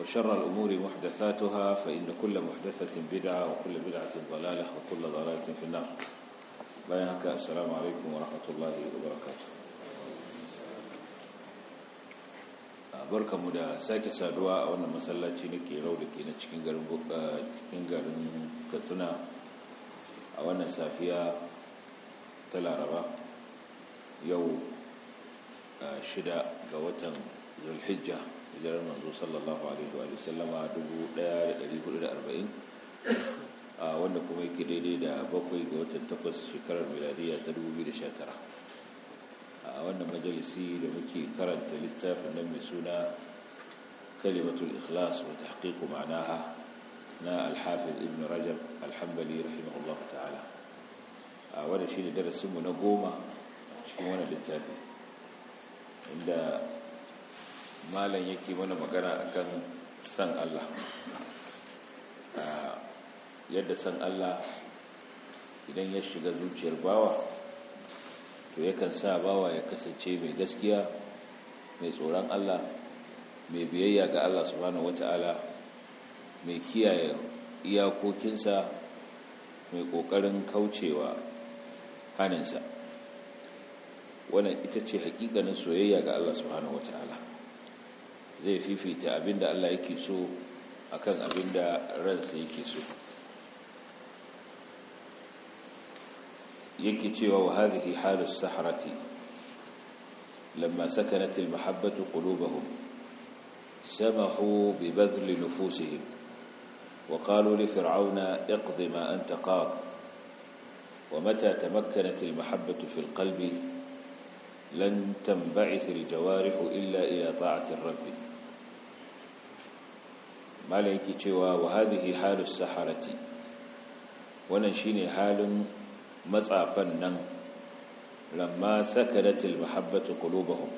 وشر الأمور محدثاتها فإن كل محدثة بدعة وكل بدعة ضلالة وكل ضلالة في النار بيانك السلام عليكم ورحمة الله وبركاته barka mu da sake saduwa a wannan masallaci na ke rau da ke na cikin garin katsina a wannan safiya ta laraba yau shida ga watan zulhijja hijirar manzo sallallahu alaihi wa sallama 1440 wanda kuma yake daidai da bakwai ga watan takwas shekarar miladiya ta 2019 a wannan majalisi da muke karanta littafin nan mai suna kalimatul ikhlas wa tahqiqu ma'naha na al-hafiz ibn rajab al-hanbali rahimahullahu ta'ala a wanda shine mu na goma cikin wannan littafi inda malam yake mana magana akan san Allah ah, yadda san Allah idan ya shiga zuciyar bawa to yakan sa bawa ya kasance mai gaskiya mai tsoron Allah mai biyayya ga Allah subhanahu wata'ala mai kiyaye iyakokinsa mai kokarin kaucewa haninsa wannan ita ce hakikanin soyayya ga Allah subhanahu wata'ala zai fifita abinda Allah yake so akan abinda ransa yake so yake cewa wa hadhihi halus sahrati lamma sakanat mahabbatu qulubuhum samahu bi badhl nufusihim wa qalu وقالوا لفرعون اقض ما أنت قاض ومتى تمكنت المحبة في القلب لن تنبعث الجوارح إلا إلى طاعة الرب malam yake cewa wa hadhihi halus saharati wannan shine halin matsafan nan lamma sakaratil mahabbatu qulubuhum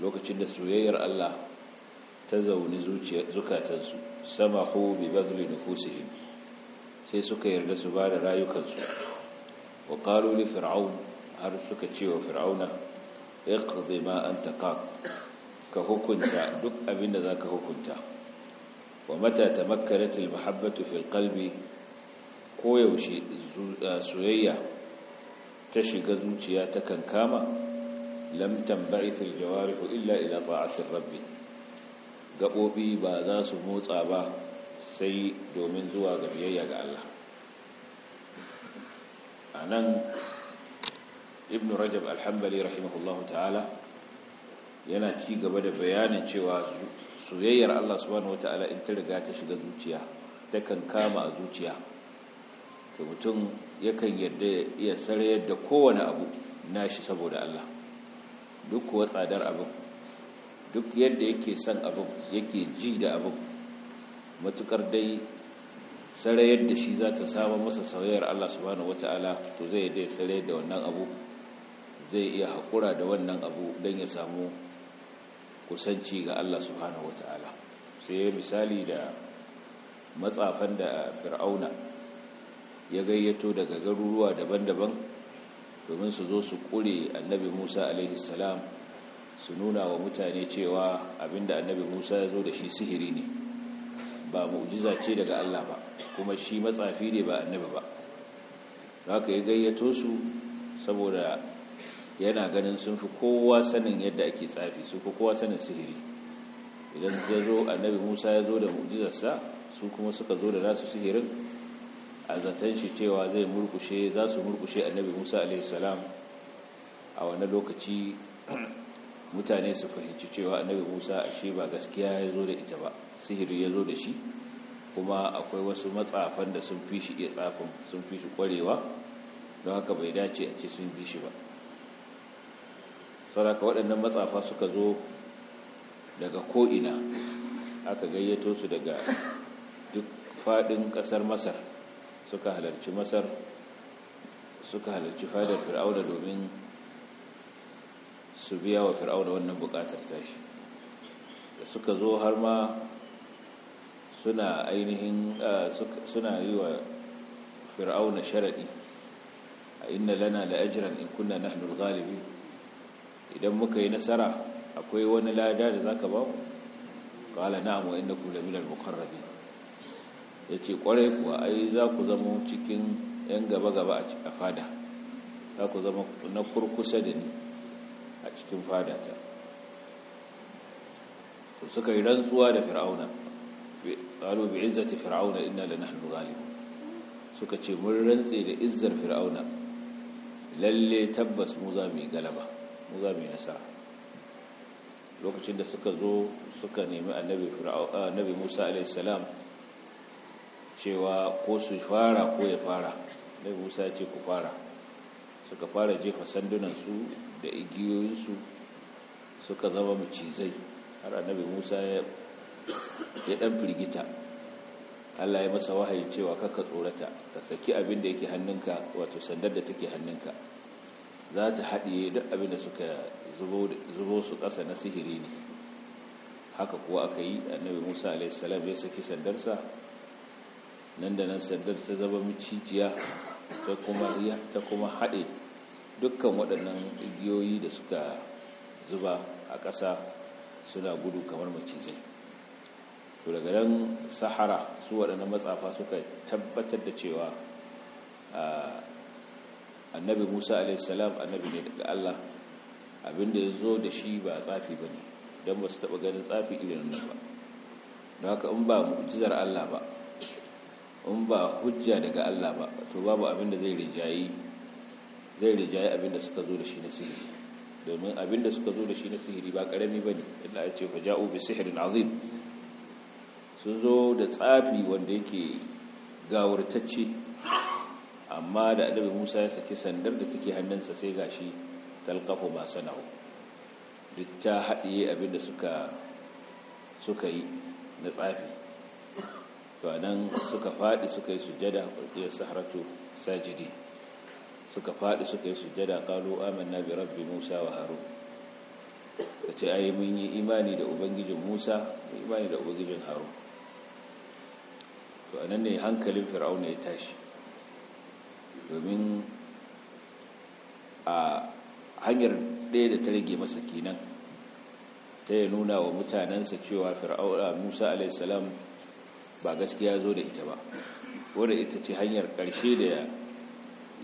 lokacin da soyayyar Allah ta zauni zukatansu samahu bi bazli nufusihim sai suka yarda su bada rayukansu wa qalu li fir'aun har suka ce wa fir'auna iqdi ma anta qaq ka hukunta duk abinda zaka hukunta wa matata tamakkanatil mahabbatu fil qalbi koyaushe soyayya ta shiga zuciya ta kankama lam tamba'ithil jawarihu illa ila ta'atir rabbi gabobi ba za su motsa ba sai domin zuwa ga biyayya ga Allah anan ibn rajab al-hanbali rahimahullahu ta'ala yana ci gaba da bayanin cewa soyayyar Allah subhanahu wataala in ta riga ta shiga zuciya takan kama a zuciya to mutum yakan yarda ya sarayar da kowane abu na shi saboda Allah duk kuwa tsadar abin duk yadda yake son abin yake ji da abin matukar dai sarayar da shi za ta samu masa soyayyar Allah subhanahu wataala to zai ya sarayar da wannan abu zai iya haƙura da wannan abu don ya samu kusanci ga Allah subhanahu wata'ala sai misali da matsafan da fir'auna ya gayyato daga garuruwa daban-daban domin su zo su kure annabi Musa alaihi salam su nuna wa mutane cewa abinda annabi Musa ya zo da shi sihiri ne ba mu'jiza ce daga Allah ba kuma shi matsafi ne ba annabi ba Za ka yi gayyato su saboda yana ganin sun fi kowa sanin yadda ake tsafi su fi kowa sanin sihiri idan ya zo annabi musa ya zo da mu'jizarsa su kuma suka zo da nasu sihirin a zaton shi cewa zai murkushe za su murkushe annabi musa alaihissalam a wani lokaci mutane su fahimci cewa annabi musa ashe ba gaskiya ya zo da ita ba sihiri ya zo da shi kuma akwai wasu matsafan da sun fi shi iya tsafin sun fi shi kwarewa don haka bai dace a ce sun bi shi ba saraka waɗannan matsafa suka zo daga ko'ina aka gayyato su daga duk faɗin ƙasar masar suka halarci masar suka halarci fadar fir'auna domin su biya wa fir'auna wannan buƙatar tashi da suka zo har ma suna ainihin suna yi wa fir'auna sharaɗi a inna lana la'ajiran in kunna nahnul galibi idan muka yi nasara akwai wani lada da za ka ba mu inda ku da milar mukarrabi Ya ce kwarai kuwa ai za ku zama cikin yan gaba gaba a fada za ku zama na kurkusa da ni a cikin fada ta suka yi rantsuwa da fir'auna qalu bi izzati fir'auna inna lanahnu ghalibun suka ce mun rantse da izzar fir'auna lalle tabbas mu za mu yi galaba mu mai nasa lokacin da suka zo suka nemi annabi musa salam cewa ko su fara ko ya fara annabi musa ya ce ku fara suka fara jefa su da igiyoyinsu suka zama macizai har annabi musa ya dan firgita Allah ya masa wahayi cewa kaka tsorata ka saki abin da yake hannunka wato sandar da take hannunka za ta haɗiye duk abinda suka zubo su ƙasa na sihiri ne haka kuwa aka yi annabi musa alaihissalam ya saki sandarsa nan da nan sandar ta zama miciciya ta kuma haɗe dukkan waɗannan igiyoyi da suka zuba a ƙasa suna gudu kamar macizai to daga nan sahara su waɗannan matsafa suka tabbatar da cewa ah, annabi musa alaihissalam annabi ne daga allah abinda ya zo da shi ba tsafi ba ne don ba su taɓa ganin tsafi irin nan ba don haka in ba mu'jizar allah ba in ba hujja daga allah ba to babu abinda zai rijayi zai rijayi abinda suka zo da shi na sihiri domin abinda suka zo da shi na sihiri ba karami ba ne yadda ya ce fa ja'u bi sihirin azim sun zo da tsafi wanda yake gawurtacce amma da adabin Musa ya saki sandar da take hannunsa sai ga shi talqafu ma sana'u duk ta haɗiye abinda suka yi na tsafi to nan suka faɗi suka yi sujada kulli saharatu sajidi suka faɗi suka yi sujada amin na bi rabbi Musa wa Harun ce ayi mun yi imani da ubangijin Musa da imani da ubangijin Harun to nan ne hankalin fir'auna ya tashi domin a hanyar ɗaya da ta rage masa kenan ta yi nuna wa mutanensa cewa fir'auna musa alaihissalam ba gaskiya zo da ita ba wadda ita ce hanyar ƙarshe da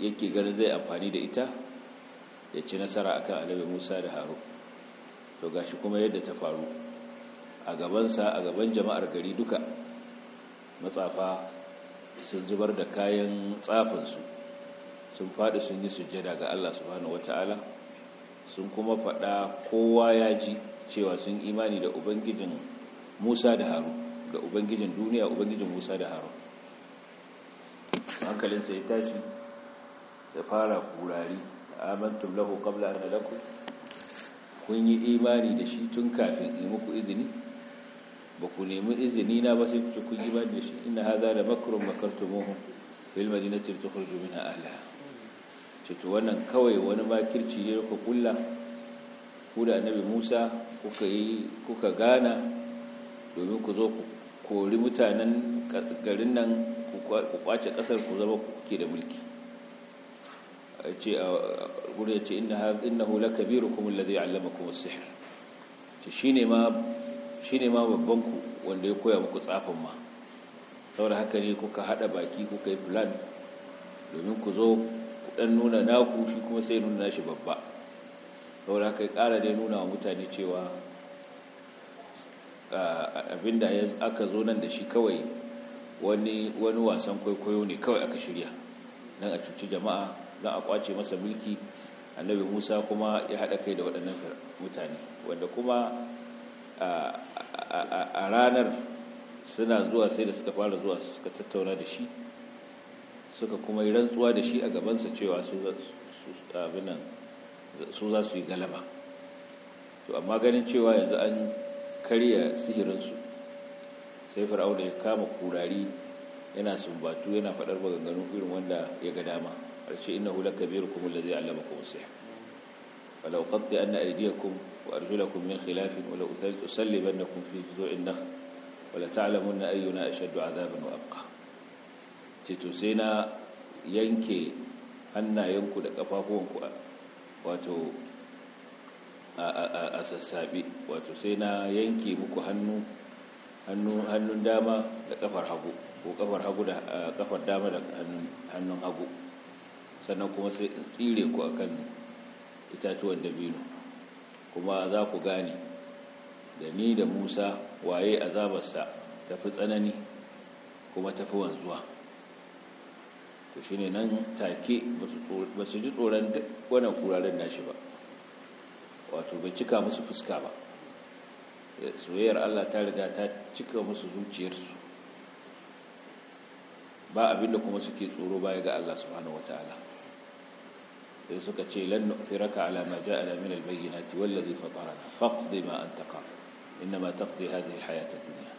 yake ganin zai amfani da ita ya ci nasara a kan alabi musa da haru to gashi kuma yadda ta faru a gabansa a gaban jama'ar gari duka matsafa sun zubar da kayan tsafinsu sun faɗi sun yi sujjada ga Allah subhanahu wata'ala sun kuma faɗa kowa ya ji cewa sun imani da ubangijin Musa da Harun da ubangijin duniya ubangijin Musa da Harun hankalinsa ya tashi ya fara kurari amantum lahu qabla an lakum kun yi imani da shi tun kafin in muku izini ba ku nemi izini na ba sai ku kun imani da shi inna hadha la makrun makartumuhu fil madinati tukhruju minha ahliha to wannan kawai wani makirci ne ku kulla ku da annabi Musa kuka gana domin ku zo ku kori mutanen garin nan ku kwace kasar ku zama ke da mulki ce a gurin ce kuma lakabirukum ya allama kuma sihr ce shi ne ma babban ku wanda ya koya muku tsafin ma saboda haka ne kuka hada baki kuka yi plan domin ku zo dan nuna naku shi kuma sai nuna shi babba saboda kai kara dai nuna wa mutane cewa abinda aka zo nan da shi kawai wani wani wasan kwaikwayo ne kawai aka shirya nan a cuci jama'a nan a kwace masa mulki annabi musa kuma ya haɗa kai da waɗannan mutane wanda kuma a ranar suna zuwa sai da suka fara zuwa suka tattauna da shi suka kuma yi rantsuwa da shi a gabansa cewa su za su yi galaba to amma ganin cewa yanzu an karya sihirinsu sai fir'auna ya kama kurari yana sumbatu yana faɗar maganganu irin wanda ya ga dama harshe inna hula kabiru kuma da zai allama kuma sai falau qatti anna a wa arjulakum min khilafin wa la usallibannakum fi juzu'in nakhl wa ta'alamun na ayyuna ashaddu 'adaban wa abqa ce sai na yanke hannayenku da ƙafafuwanku wato a sassaɓe wato sai na yanke muku hannun dama da ƙafar hagu ko ƙafar hagu da ƙafar dama da hannun hagu sannan kuma sai in tsire ku a kan itatuwan dabino kuma za ku gane da ni da musa waye azabarsa tafi tsanani kuma tafi wanzuwa to shi ne nan take ba su ji tsoron wannan kuraren nashi ba wato bai cika musu fuska ba soyayyar Allah ta riga ta cika musu zuciyarsu ba abinda kuma suke tsoro baya ga Allah subhanahu wataala sai suka ce lan nu'thiraka alama ja ja'ana min al-bayyinati wallazi fatarana faqdi ma anta qad inma taqdi hadhihi al dunya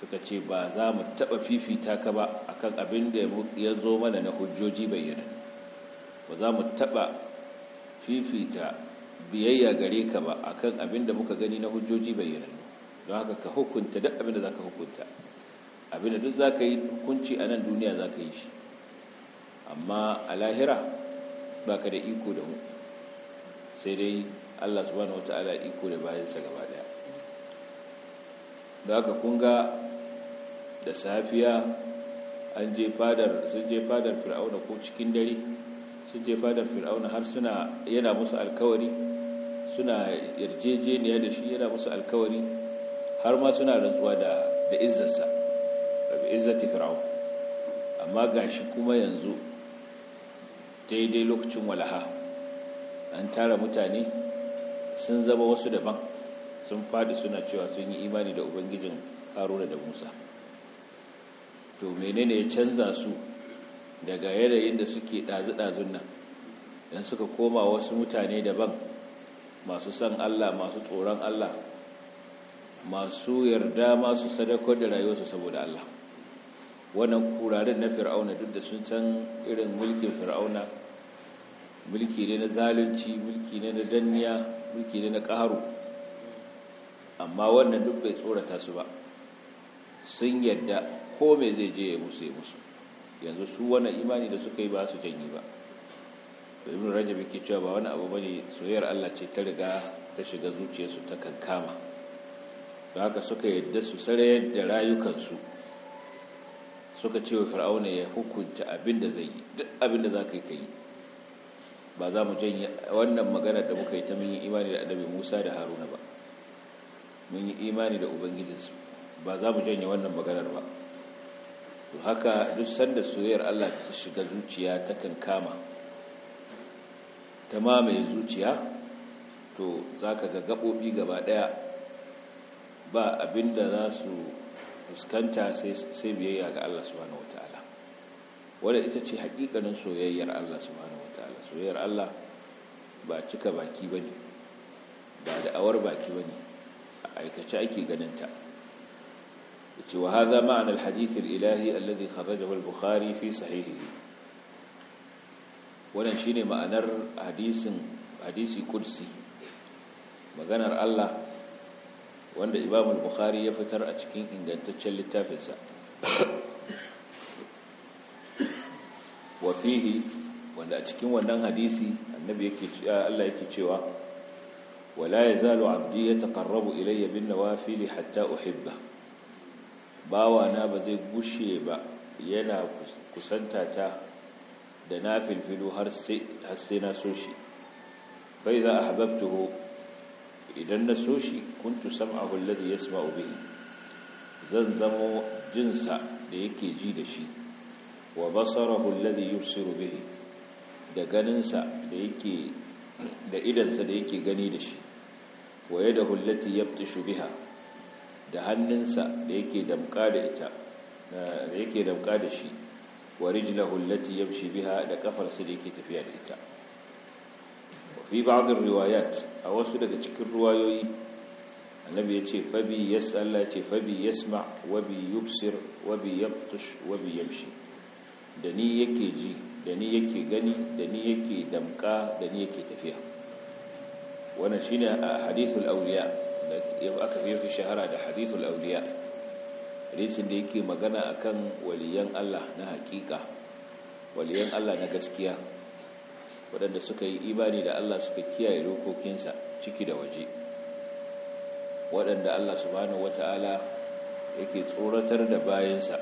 suka ce ba za mu taɓa fifita ka ba a kan abin da ya zo mana na hujjoji bayyana ba za mu taɓa fifita biyayya gare ka ba a kan abin da muka gani na hujjoji bayyana don haka ka hukunta duk abin da za ka hukunta abin da duk za ka yi hukunci a nan duniya za ka yi shi amma a lahira ba ka da iko da mu sai dai allah subhanahu wa ta'ala iko da bayansa gaba daya da aka kunga da safiya an je fadar sun je fadar fir'auna ko cikin dare sun je fadar fir'auna har suna yana musu alkawari suna yarjejeniya da shi yana musu alkawari har ma suna rantsuwa da da izzarsa da izzati fir'aun amma gashi kuma yanzu daidai lokacin walaha an tara mutane sun zama wasu daban sun fadi suna cewa sun yi imani da ubangijin haruna da musa to menene ya canza su daga yanayin da suke ɗazu-ɗazun nan don suka koma wasu mutane daban masu san allah masu tsoron allah masu yarda masu sadakar da rayuwarsu saboda allah wannan kuraren na fir'auna duk da sun can irin mulkin fir'auna mulki ne na zalunci mulki ne na danniya mulki ne na ƙaru amma wannan duk bai tsorata su ba sun yadda ko mai zai je ya musu ya musu yanzu su wani imani da suka yi ba su janyi ba to ibn ke cewa ba wani abu bane soyayyar Allah ce ta riga ta shiga zuciyarsu ta kankama ba haka suka yadda su sarayar yadda rayukansu suka ce wa fir'auna ya hukunta abin da zai yi duk abinda za ka yi ka ba za mu janye wannan magana da muka yi ta mun yi imani da adabi Musa da Haruna ba mun yi imani da ubangijinsu ba za mu janye wannan maganar ba to haka duk sanda soyayyar Allah ta shiga zuciya ta kama ta mamaye zuciya to zaka ga gabobi gaba daya ba abinda za su fuskanta sai biyayya ga Allah subhanahu wataala wanda ita ce hakikanin soyayyar Allah subhanahu wataala soyayyar Allah ba cika baki bane ba da awar baki bane aikace ake ganinta yace wa hadha ma'ana alhadith alilahi alladhi kharajahu al-bukhari fi sahihihi wannan shine ma'anar hadisin hadisi kursi maganar Allah wanda Imam al-Bukhari ya fitar a cikin ingantaccen littafinsa wa fihi wanda a cikin wannan hadisi annabi yake Allah yake cewa wala yazalu abdi yataqarrabu ilayya bin nawafil hatta uhibba bawa na ba zai bushe ba yana kusanta ta da nafilfilu har sai na so shi fa idza ahbabtuhu idan na so shi kuntu sam'ahu alladhi yasma'u bihi zan zamo jinsa da yake ji da shi wa basarahu alladhi yubsiru bihi da ganinsa da yake da idansa da yake gani da shi wa yadahu allati yabtishu biha da hannunsa da yake damka da ita da yake damka da shi wa rijlahu allati yamshi biha da kafarsa da yake tafiya da ita wa fi riwayat a wasu daga cikin riwayoyi annabi yace fabi yas'al yace fabi yasma wa bi yubsir wa bi yabtush wa bi yamshi da ni yake ji da ni yake gani da ni yake damka da ni yake tafiya wannan shi ne shine hadithul auliya da aka fi shahara da hadithul auliya hadithin da yake magana a kan waliyan Allah na hakika waliyan Allah na gaskiya waɗanda suka yi imani da Allah suka kiyaye dokokinsa ciki da waje waɗanda Allah subhanahu wata'ala yake tsoratar da bayansa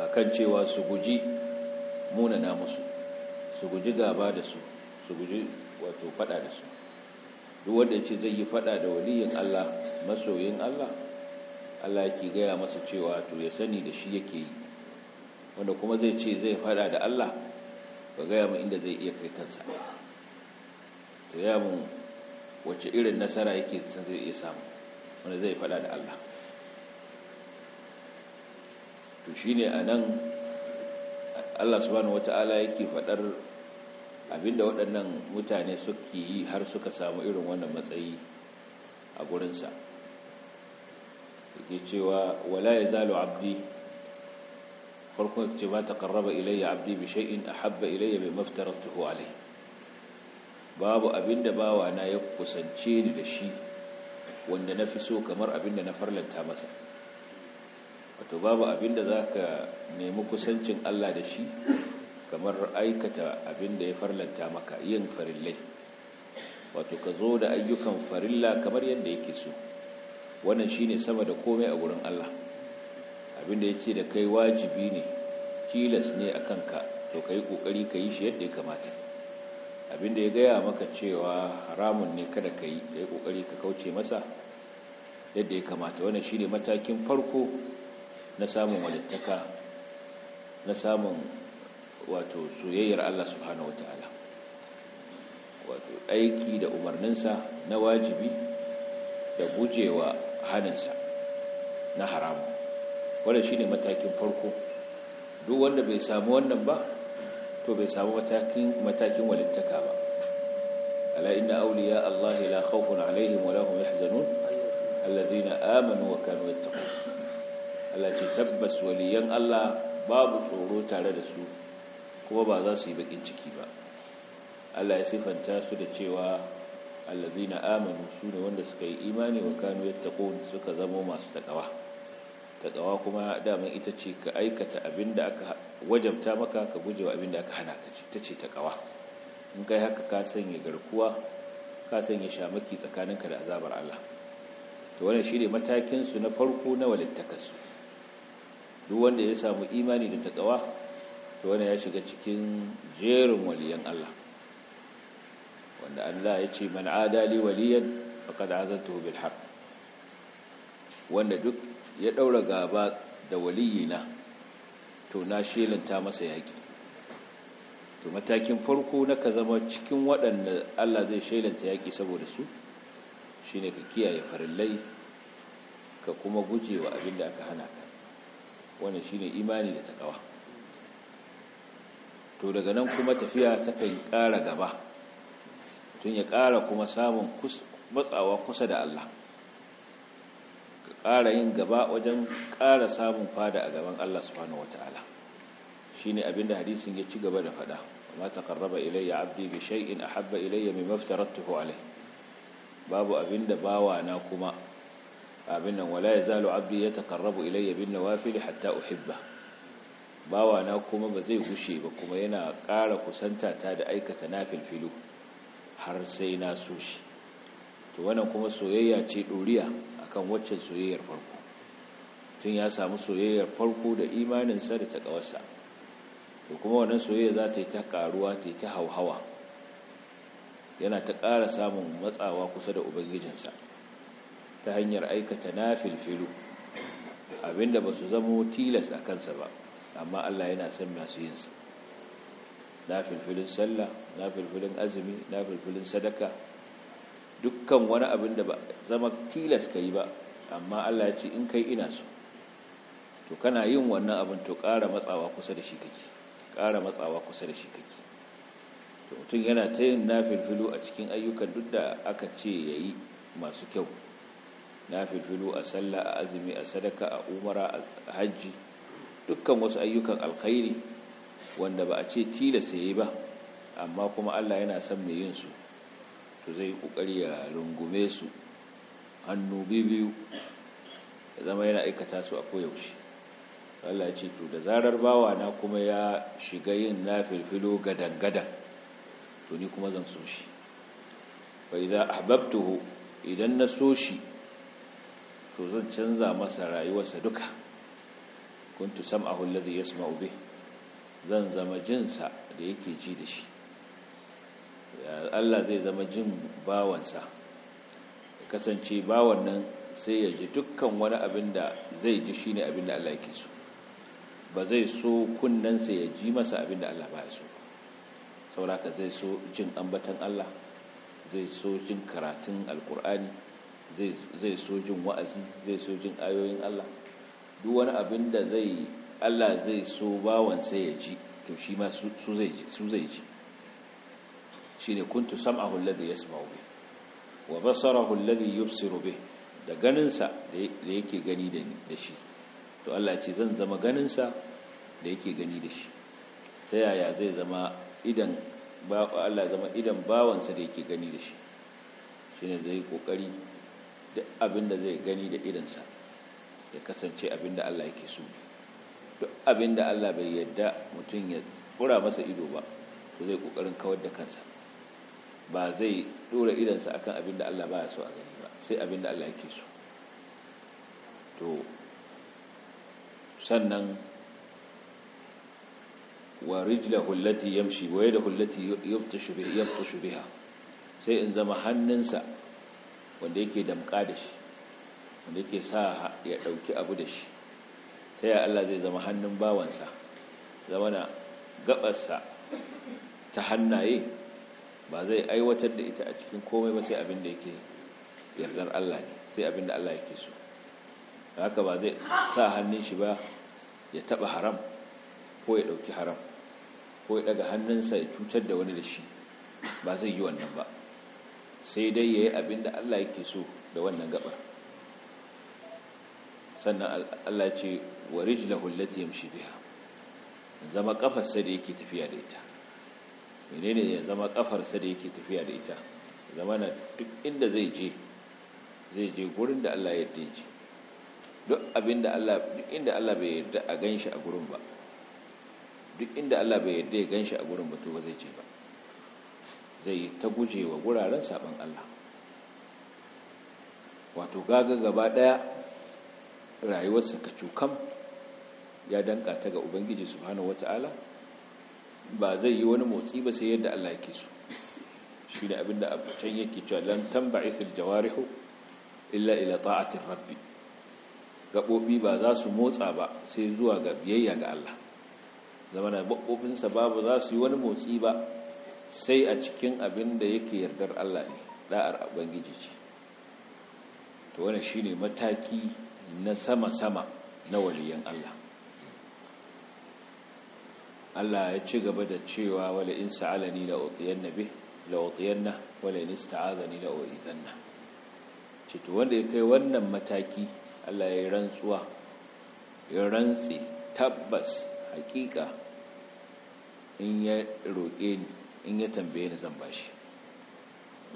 a kan cewa su guji munana musu su guji gaba da su su guji wato fada da su duk wanda ce zai yi fada da waliyin Allah masoyin Allah Allah yake gaya masa cewa to ya sani da shi yake yi wanda kuma zai ce zai fada da Allah ba gaya mu inda zai iya kai kansa to ya mu wace irin nasara yake san zai iya samu wanda zai fada da Allah to shine anan Allah subhanahu wataala yake fadar abinda waɗannan mutane suke yi har suka samu irin wannan matsayi a gurinsa yake cewa wala ya zalo abdi farko ce ba ta ƙarraba ilayya abdi bi shay'in ahabba ilayya bi maftaratuhu alai. babu abinda bawa na ya kusance ni da shi wanda na fi so kamar abinda na farlanta masa wato babu abinda za ka nemi kusancin Allah da shi kamar aikata abin da ya farlanta maka yin farillai wato ka zo da ayyukan farilla kamar yadda yake so wannan shine sama da komai a gurin Allah abin da yace da kai wajibi ne tilas ne akan ka to kai kokari ka yi shi yadda ya kamata abin da ya gaya maka cewa haramun ne kada ka yi kai kokari ka kauce masa yadda ya kamata wannan shine matakin farko na samun walittaka na samun wato soyayyar Allah subhanahu wataala wato aiki da umarninsa na wajibi da gujewa haninsa na haramu wanda shine matakin farko duk wanda bai samu wannan ba to bai samu matakin matakin walittaka ba ala inna auliya Allah la khawfun alaihim ya lahum yahzanun alladhina amanu wa kanu yattaqun Allah ce tabbas waliyan Allah babu tsoro tare da su kuma ba za su yi bakin ciki ba Allah ya sifanta su da cewa allazina amanu su ne wanda suka yi imani wa kanu yattaqun suka zama masu taƙawa. Taƙawa kuma daman ita ce ka aikata abinda aka wajabta maka ka gujewa abin da aka hana ka ta ce taƙawa in kai haka ka sanya garkuwa ka sanya shamaki tsakaninka da azabar Allah to wannan shi matakin su na farko na walittakarsu duk wanda ya samu imani da taƙawa to wani ya shiga cikin jerin waliyan Allah wanda Allah ya ce man adali waliyan faqad azatu bil haqq wanda duk ya daura gaba da waliyina to na shelanta masa yaki to matakin farko na ka zama cikin waɗanda Allah zai shelanta yaki saboda su shine ka kiyaye farillai ka kuma gujewa abin da aka hana ka wannan shine imani da takawa to daga nan kuma tafiya takan ƙara gaba tun ya ƙara kuma samun matsawa kusa da Allah ka ƙara yin gaba wajen ƙara samun fada a gaban Allah subhanahu wata'ala shine abinda hadisin ya ci gaba da faɗa ma taqarraba ilayya 'abdi bi shay'in ahabba ilayya mai maftarattuhu alai babu abinda bawa na kuma abin nan wala zalo 'abdi yataqarrabu ilayya bin nawafil hatta uhibba bawana kuma ba zai gushe ba kuma yana ƙara kusanta ta da aikata na filfilu har sai na so shi to wannan kuma soyayya ce ɗoriya akan waccan soyayyar farko tun ya samu soyayyar farko da imaninsa da taƙawarsa to kuma wannan soyayya za ta yi ta ƙaruwa ta yi ta hauhawa yana ta ƙara samun matsawa kusa da ubangijinsa ta hanyar aikata na filfilu abinda ba su zamo tilas a kansa ba amma Allah yana son masu yin sa na filfilin sallah na filfilin azumi na filfilin sadaka dukkan wani abin da ba zama tilas ka yi ba amma Allah ya ce in kai ina so to kana yin wannan abin to ƙara matsawa kusa da shi kake ƙara matsawa kusa da shi kake to mutum yana ta yin na filfilu a cikin ayyukan duk da aka ce ya yi masu kyau na filfilu a sallah a azumi a sadaka a umara a hajji dukkan wasu ayyukan alkhairi wanda ba a ce Tila sai ba amma kuma Allah yana son mai yin su to zai yi kokari ya rungume su hannu bibiyu. ya zama yana aikata su a koyaushe Allah ce to da zarar bawa na kuma ya shiga yin nafilfilo gadan-gadan to ni kuma zan so shi fa idza ahbabtuhu idan na so shi to zan canza masa rayuwarsa duka kuntu sam'ahu alladhi yasma'u bih zan zama jinsa da yake ji da shi Allah zai zama jin bawansa kasance bawan nan sai ya ji dukkan wani abin da zai ji shine abin da Allah yake so ba zai so kunnensa ya ji masa abin da Allah baya so sauraka zai so jin ambatan Allah zai so jin karatun alkur'ani zai so jin wa'azi zai so jin ayoyin Allah duk wani abin da zai Allah zai so bawansa ya ji to shi ma su zai ji shi ne kuntu sam'ahu alladhi yasma'u bi wa basarahu alladhi yubsiru bi da ganinsa da yake gani da shi to Allah ce zan zama ganinsa da yake gani da shi ta yaya zai zama idan Allah zama idan bawansa da yake gani da shi shi ne zai kokari da abin da zai gani da idansa ya kasance abinda Allah yake so duk abinda Allah bai yadda mutum ya kura masa ido ba to zai kokarin kawar da kansa ba zai dora idansa akan abinda Allah baya so a gani ba sai abinda Allah yake so to sannan wa rijlahu allati yamshi wa yadahu allati yabtashu biha yabtashu biha sai in zama hannunsa wanda yake damka da shi wanda yake sa ya ɗauki abu da shi ta yaya Allah zai zama hannun bawansa zama na gabarsa ta hannaye ba zai aiwatar da ita a cikin komai ba sai abin da yake yardar Allah ne sai abin da Allah yake so haka ba zai sa hannun shi ba ya taba haram ko ya ɗauki haram ko ya ɗaga hannunsa ya cutar da wani da shi ba zai yi wannan ba sai dai ya yi abin da Allah yake so da wannan gabar sannan Allah ce wa rijlahu allati yamshi biha zama sa da yake tafiya da ita menene ya zama sa da yake tafiya da ita zama na duk inda zai je zai je gurin da Allah ya yarda duk abinda Allah duk inda Allah bai yarda a ganshi a gurin ba duk inda Allah bai yarda ya ganshi a gurin ba to ba zai je ba zai ta guje wa guraren saban Allah wato gaga gaba daya rayuwarsa ka cukam ya danka ta ga ubangiji subhanahu wata'ala ba zai yi wani motsi ba sai yadda Allah yake so shi ne abinda can yake cewa lan tanba'ithil jawarihu illa ila ta'atir rabbi gabobi ba za su motsa ba sai zuwa ga biyayya ga Allah Zama zamana gabobinsa babu za su yi wani motsi ba sai a cikin abinda yake yardar Allah ne da'ar ubangiji ce to wannan shine mataki na sama-sama na waliyan Allah Allah ya ci gaba da cewa wala in sa'alani la utiyanna bih la utiyanna wala in ista'azani la uizanna cito wanda ya kai wannan mataki Allah ya yi rantsuwa ya rantsi tabbas hakika in ya roƙe ni in ya tambaye ni zan bashi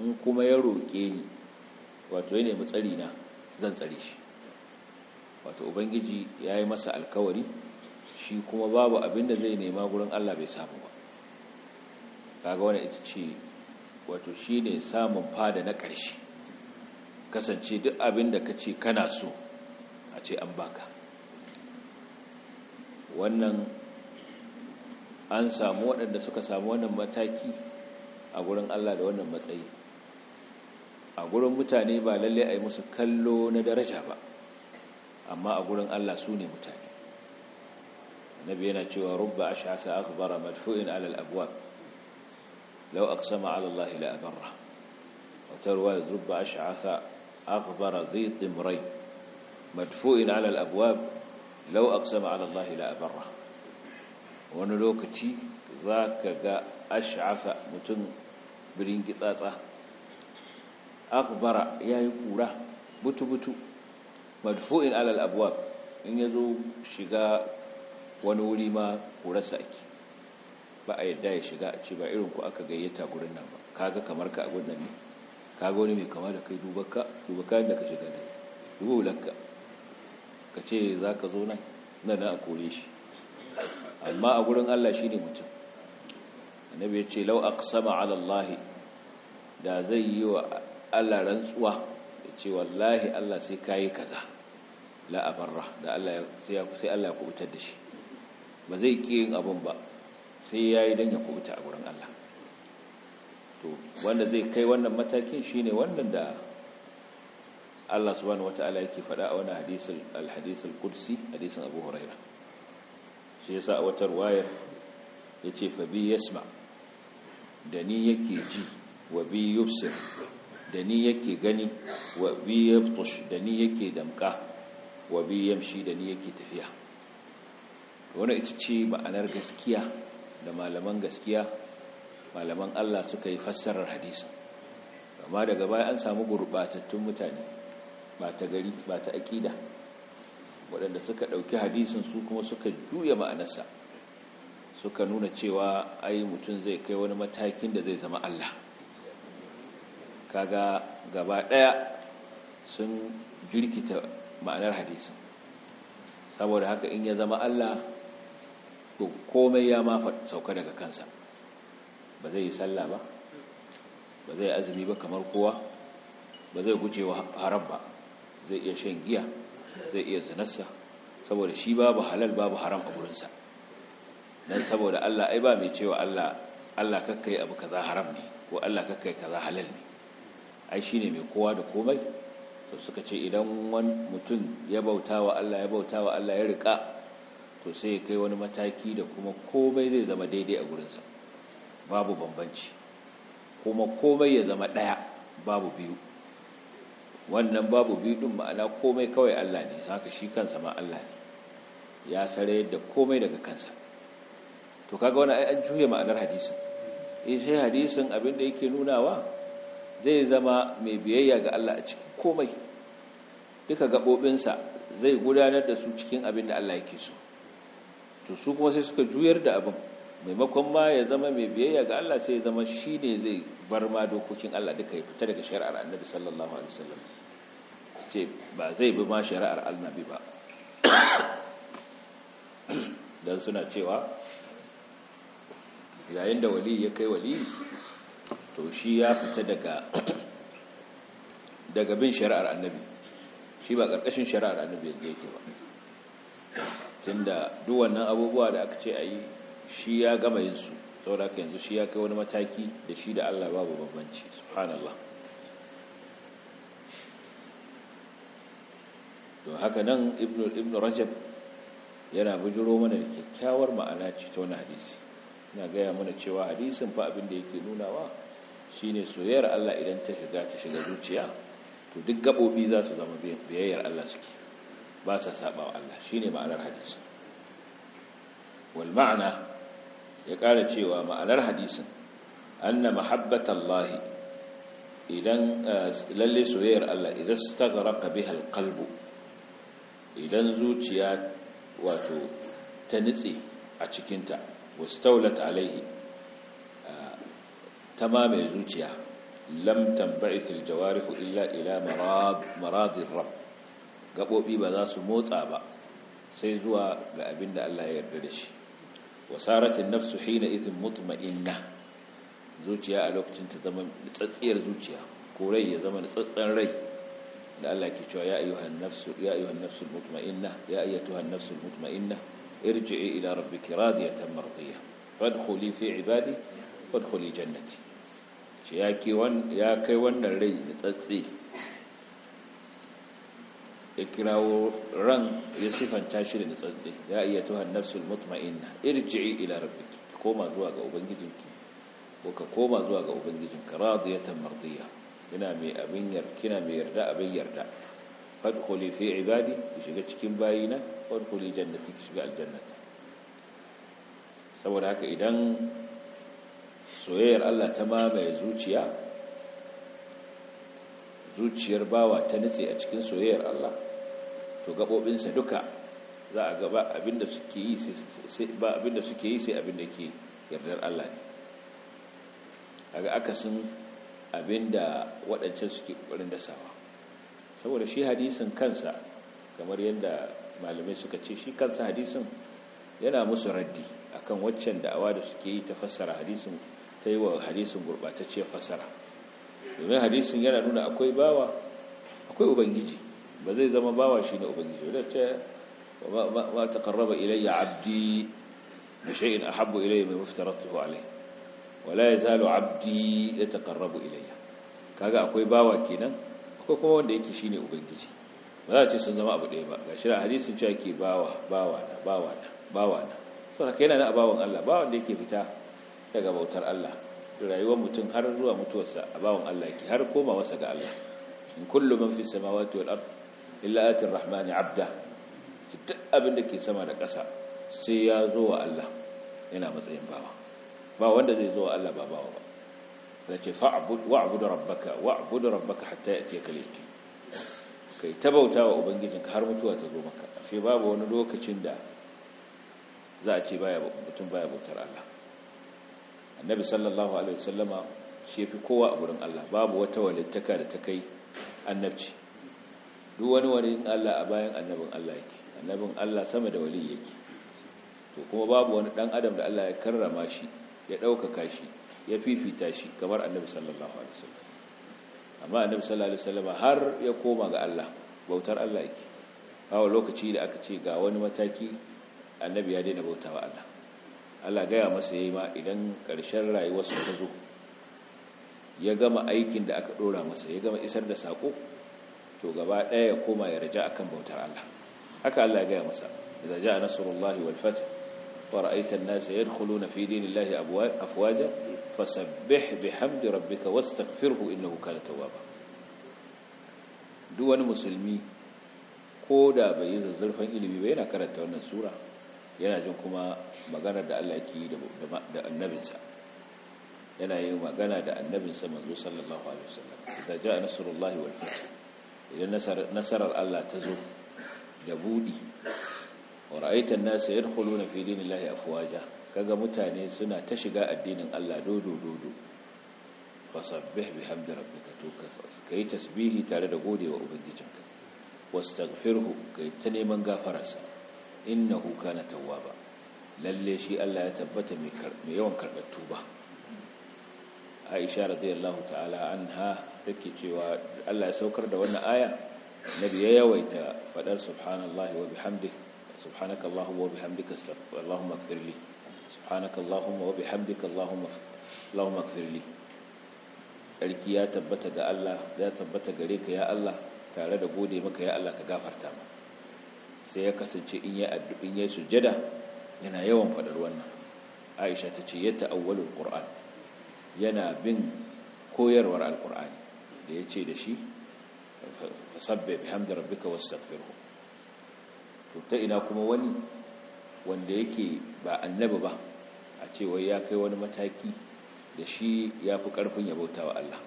in kuma ya roƙe ni wato ya nemi tsari na zan tsare shi wato ubangiji ya yi masa alkawari shi kuma babu abin da zai nema gurin Allah bai samu ba kaga wani ita ce wato shi ne samun fada na ƙarshe kasance duk abinda ka ce kana so a ce an baka wannan an samu waɗanda suka samu wannan mataki a gurin Allah da wannan matsayi a gurin mutane ba lallai a yi musu kallo na daraja ba amma a gurin Allah su ne mutane annabi yana cewa rubba ash'atha akhbara madfu'in ala al-abwab law aqsama ala Allah la abarra wa tarwa rubba ash'atha akhbara dhi timray madfu'in ala al-abwab law aqsama ala Allah la abarra wani lokaci zaka ga ash'atha mutum birin gitsatsa akhbara yayi kura butu butu madfu'in alal abwab in yazo shiga wani wuri ma kurasa ake ba a yadda ya shiga a ce ba irin ku aka gayyata gurin nan ba kaga kamar ka a gurin ne kaga wani mai kama da kai dubakka dubakka da ka shiga ne dubu lakka ka ce za ka zo nan nan a kore shi amma a gurin Allah shi ne mutum annabi ya ce lau aqsama ala Allah da zai yi wa Allah rantsuwa ce wallahi Allah sai kayi kaza la abarra da Allah sai Allah ya kubutar da shi ba zai kiyin abun ba sai yayi dan ya kubuta a gurin Allah to wanda zai kai wannan matakin shine wannan da Allah subhanahu wataala yake faɗa a wani hadisul al-hadisul qudsi Abu Huraira shi yasa a watar wayar yace ce bi yasma da ni yake ji wa bi yusuf. da ni yake gani wa bi yabtush da ni yake damka wa bi yamshi da ni yake tafiya wannan ita ce ma'anar gaskiya da malaman gaskiya malaman Allah suka yi fassarar hadisi amma daga baya an samu gurbatattun mutane ba ta gari ba ta akida waɗanda suka ɗauki hadisin su kuma suka juya ma'anarsa suka nuna cewa ai mutum zai kai wani matakin da zai zama Allah kaga gaba daya sun jirkita ma'anar hadisi saboda haka in ya zama Allah to komai ya ma sauka daga kansa ba zai yi sallah ba ba zai azumi ba kamar kowa ba zai guje wa haram ba zai iya shan giya zai iya zinarsa saboda shi babu halal babu haram a gurinsa don saboda Allah ai ba mai cewa Allah Allah kakkai abu za haram ne ko Allah kakkai za halal ne ai shine mai kowa da komai to suka ce idan wani mutum ya bauta wa Allah ya bauta wa Allah ya rika to sai ya kai wani mataki da kuma komai zai zama daidai a gurinsa babu bambanci kuma komai ya zama ɗaya babu biyu wannan babu biyu ɗin ma'ana komai kawai Allah ne haka shi kansa ma Allah ne ya sare da komai daga kansa to kaga wani an juya ma'anar hadisin eh sai hadisin abin abinda yake nunawa zai zama mai biyayya ga Allah a cikin komai duka gabobinsa zai gudanar da su cikin abin da Allah yake so to su kuma sai suka juyar da abin maimakon ma ya zama mai biyayya ga Allah sai ya zama shi ne zai bar ma dokokin Allah duka ya fita daga shari'ar annabi sallallahu alaihi wasallam ce ba zai bi ma shari'ar annabi ba dan suna cewa yayin da wali ya kai wali to shi ya fita daga daga bin shari'ar annabi shi ba ƙarƙashin shari'ar annabi yadda yake ba tun da duwannan abubuwa da aka ce a yi shi ya gama yin su sauraka yanzu shi ya kai wani mataki da shi da Allah babu bambanci subhanallah to haka nan ibn rajab yana bujuro mana da kyakkyawar ma'ana ce ta wani hadisi ina gaya mana cewa hadisin fa abin da yake nunawa shine soyayyar Allah idan ta shiga ta shiga zuciya to duk gabobi za su zama biyayyar Allah suke ba sa saba wa Allah shine ma'anar hadisi wal ma'ana ya ƙara cewa ma'anar hadisin anna mahabbatallahi idan eh, lalle soyayyar Allah idan staghraqa biha alqalbu idan zuciya wato ta nitse a cikinta wastaulat alaihi تمام مي زوجيا لم تنبعث الجوارح الا الى مراد مراد الرب غبوبي بازا سو موتسا با سي زوا غا ابيندا الله يرد دشي وسارت النفس حين اذ مطمئنه زوجيا لوكتين تما تصصير زوجيا كوري يا زمان تصصن ري دا الله كي تشو يا ايها النفس يا ايها النفس المطمئنه يا ايتها النفس المطمئنه ارجعي الى ربك راضيه مرضيه فادخلي في عبادي فادخلي جنتي ya kai wannan rai da tsatsi ya kirawo ran ya sifanta shi da tsatsi ya iya tuhan nafsul mutma'inna irji'i ila rabbiki koma zuwa ga ubangijinki ko ka koma zuwa ga ubangijinka radiyatan mardiya kina mai abin yarda kina mai yarda abin yarda fadkhuli fi ibadi ki shiga cikin bayina fadkhuli jannati ki shiga aljannata saboda haka idan soyayyar Allah ta mamaye zuciya zuciyar bawa ta nitse a cikin soyayyar Allah to gabobinsa duka za a gaba abinda suke yi sai ba abinda suke yi sai abinda ke yardar Allah ne kaga akasin abinda waɗancan suke kokarin dasawa saboda shi hadisin kansa kamar yadda malamai suka ce shi kansa hadisin yana musu raddi akan waccan da'awa da suke yi ta fassara hadisin ta yi wa hadisin gurɓatacciyar fasara domin hadisin yana nuna akwai bawa akwai ubangiji ba zai zama bawa shi ne ubangiji wadda ta ba ta karraba ilayya abdi da shayin a habu ilayya mai mafitarattu alai wala ya zalo abdi ya ta karrabu ilayya kaga akwai bawa kenan akwai kuma wanda yake shi ne ubangiji ba za a ce sun zama abu ɗaya ba ga shi hadisun cewa ke bawa bawa na bawa na bawa na sau da kai yana na bawan allah bawan da yake fita daga bautar Allah rayuwar mutum har zuwa mutuwarsa a bawon Allah ki har komawarsa ga Allah in kullu man fi samawati wal ard illa ati rahmani abda duk abin da ke sama da ƙasa sai ya zo wa Allah yana matsayin bawa ba wanda zai zo wa Allah ba bawa ba zace fa'bud wa'bud rabbaka wa'bud rabbaka hatta yatiyaka al kai ta bauta wa ka har mutuwa ta zo maka shi babu wani lokacin da za a ce baya mutum baya bautar Allah annabi sallallahu alaihi wasallama shi fi kowa a gurin Allah babu wata walittaka da ta kai annabci duk wani waliyin Allah a bayan annabin Allah yake annabin Allah sama da wali yake to kuma babu wani dan adam da Allah ya karrama shi ya dauka shi ya fifita shi kamar annabi sallallahu alaihi wasallam amma annabi sallallahu alaihi wasallama har ya koma ga Allah bautar Allah yake kawo lokaci da aka ce ga wani mataki annabi ya daina bautawa Allah Allah gaya masa yi ma idan ƙarshen rayuwarsa ta zo ya gama aikin da aka ɗora masa ya gama isar da sako to gaba ɗaya ya koma ya raja akan bautar Allah haka Allah ya gaya masa idza jaa nasrullahi wal fath wa ra'aita an-nasa yadkhuluna fi dinillahi afwaja fasabbih bihamdi rabbika wastaghfirhu innahu kana ba duk wani musulmi ko da bai yi zazzurfan ilimi ba yana karanta wannan sura yana jin kuma magana da Allah yake yi da annabinsa yana yi magana da annabinsa manzo sallallahu alaihi wasallam da jaa nasrullah wal fath idan nasarar Allah ta zo da budi wa ra'aita an nas yadkhuluna fi dinillahi afwaja kaga mutane suna ta shiga addinin Allah dodo dodo fasabbih bihamdi rabbika to kai tasbihi tare da godewa ubangijinka wastaghfirhu kai ta neman gafararsa innahu kana tawwaba lalle shi Allah ya tabbata mai yawan karɓar tuba Aisha radiyallahu ta'ala anha take cewa Allah ya saukar da wannan aya nabi ya yawaita fadar subhanallahi wa bihamdihi subhanakallahumma wa bihamdika allahumma ighfirli subhanakallahumma wa bihamdika allahumma allahumma ighfirli sarki ya tabbata ga Allah ya tabbata gare ka ya Allah tare da gode maka ya Allah ka gafarta maka sai ya kasance in ya addu'in ya sujjada yana yawan fadar wannan aisha ta ce ya ta'awwalu alquran yana bin koyarwar alqurani da ya ce da shi sabbe bihamdi rabbika wastaghfirhu to ta ina kuma wani wanda yake ba annabi ba a ce wai ya kai wani mataki da shi ya fi ƙarfin ya bauta Allah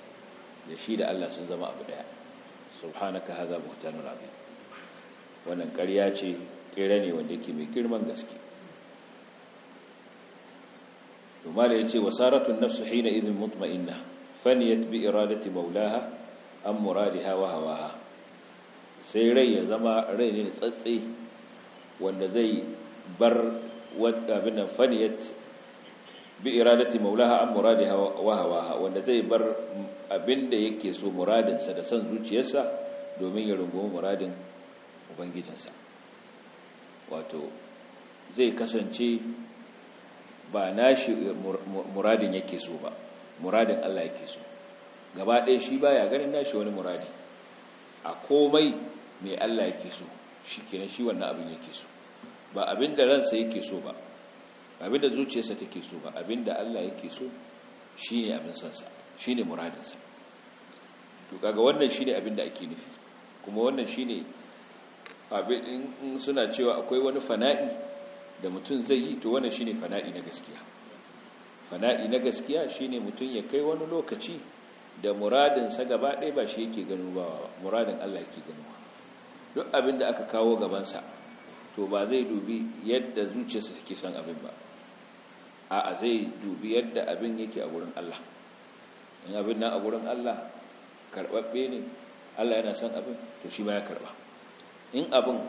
da shi da Allah sun zama abu ɗaya subhanaka haza buhtanun azim wannan ƙarya ce ƙera ne wanda ke mai girman gaske domin da ya ce wasaratun nafsu hina izin mutma'inna faniyat bi iradati maulaha an muradiha wa hawaha sai rai ya zama rai ne tsatsi wanda zai bar abin nan faniyat bi iradati maulaha an muradiha wa hawaha wanda zai bar abin da yake so muradinsa da son zuciyarsa domin ya rungumi muradin ubangijinsa wato zai kasance ba nashi muradin yake so ba muradin Allah yake so gaba ɗaya shi baya ganin nashi wani muradi a komai mai Allah yake so shi kenan shi wannan abin yake so ba abin da ransa yake so ba abin da zuciyarsa take so ba abin da Allah yake so shi ne abin sansa shi ne muradinsa to kaga wannan shi ne abin da ake nufi kuma wannan shi ne abin suna cewa akwai wani fana'i da mutum zai yi to wannan shine fana'i na gaskiya fana'i na gaskiya shine mutum ya kai wani lokaci da muradinsa gaba ɗaya ba shi yake ganin ba muradin Allah yake ganin duk abin da aka kawo gabansa to ba zai dubi yadda zuciyarsa take son abin ba a'a zai dubi yadda abin yake a gurin Allah in abin nan a gurin Allah karɓaɓɓe ne Allah yana son abin to shi ba ya karɓa in abin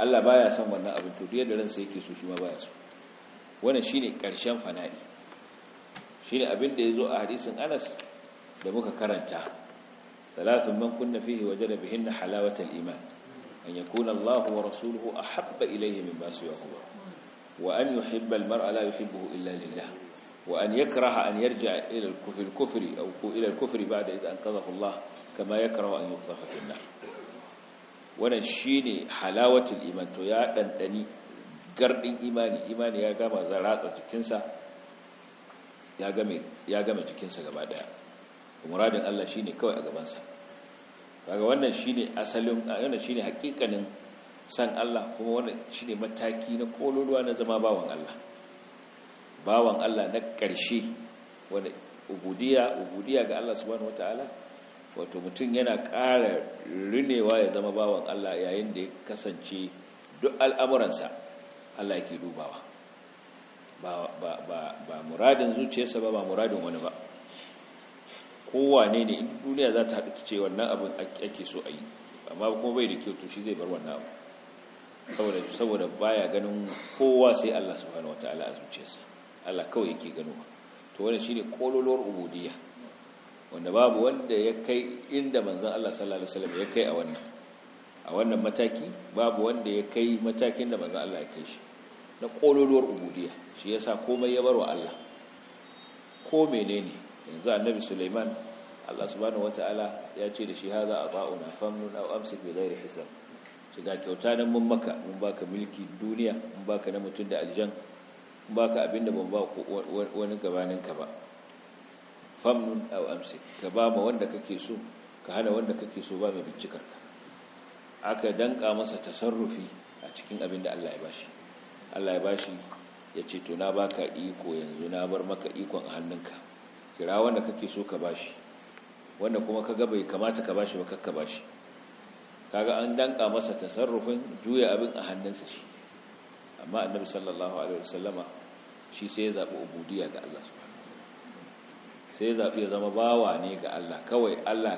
Allah baya son wannan abin to da ransa yake so shi ma baya so wannan shine karshen fana'i shine abin da yazo a hadisin Anas da muka karanta salasun man kunna fihi wajada bihin halawatal iman an yakuna Allah wa rasuluhu ahabba ilayhi mimma siwahu wa an yuhibba al-mar'a la yuhibbuhu illa lillah wa an yakraha an yarji'a ila al-kufri aw ila al-kufri ba'da idh anqadhahu Allah kama yakrahu an yuqdhafa fi nar wannan shine halawatul iman to ya dandani gardin imani imani ya gama zaratsa jikinsa ya game ya game jikinsa gaba daya muradin Allah shine kawai a gaban sa kaga wannan shine asalin wannan shine hakikanin san Allah kuma wannan shine mataki na kololuwa na zama bawan Allah bawan Allah na ƙarshe wanda ubudiya ubudiya ga Allah subhanahu wataala wato mutum yana ƙara rinewa ya zama bawan Allah yayin da ya kasance duk al'amuransa Allah ya ke dubawa ba muradin zuciyarsa ba ba muradin wani ba kowane ne in duniya za ta haɗu ta ce wannan abin ake so a yi amma kuma bai da kyau to shi zai bar wannan abu saboda baya ganin kowa sai Allah wata ala a zuciyarsa Allah kawai yake gano to wannan shine kololuwar ubudiyya wanda babu wanda ya kai inda manzon Allah sallallahu alaihi wasallam ya kai a wannan a wannan mataki babu wanda ya kai matakin da manzan Allah ya kai shi na kololuwar ubudiya shi ya sa komai ya barwa Allah ko menene yanzu annabi suleiman Allah subhanahu wataala ya ce da shi haza na famnun au amsik bi ghairi hisab shi ga kyauta nan mun maka mun baka mulki duniya mun baka na mutum da aljan mun baka abinda ban ba wani gabaninka ba famnun aw amsik ka ba ma wanda kake so ka hana wanda kake so ba mai bincikar ka aka danka masa tasarrufi a cikin abin da Allah ya bashi Allah ya bashi ya ce to na baka iko yanzu na bar maka ikon a hannunka kira wanda kake so ka bashi wanda kuma kaga bai kamata ka bashi ba kakka bashi kaga an danka masa tasarrufin juya abin a hannunsa shi amma annabi sallallahu alaihi wasallama shi sai ya zabi ubudiyya ga Allah subhanahu sai ya zaɓi ya zama bawa ne ga Allah kawai Allah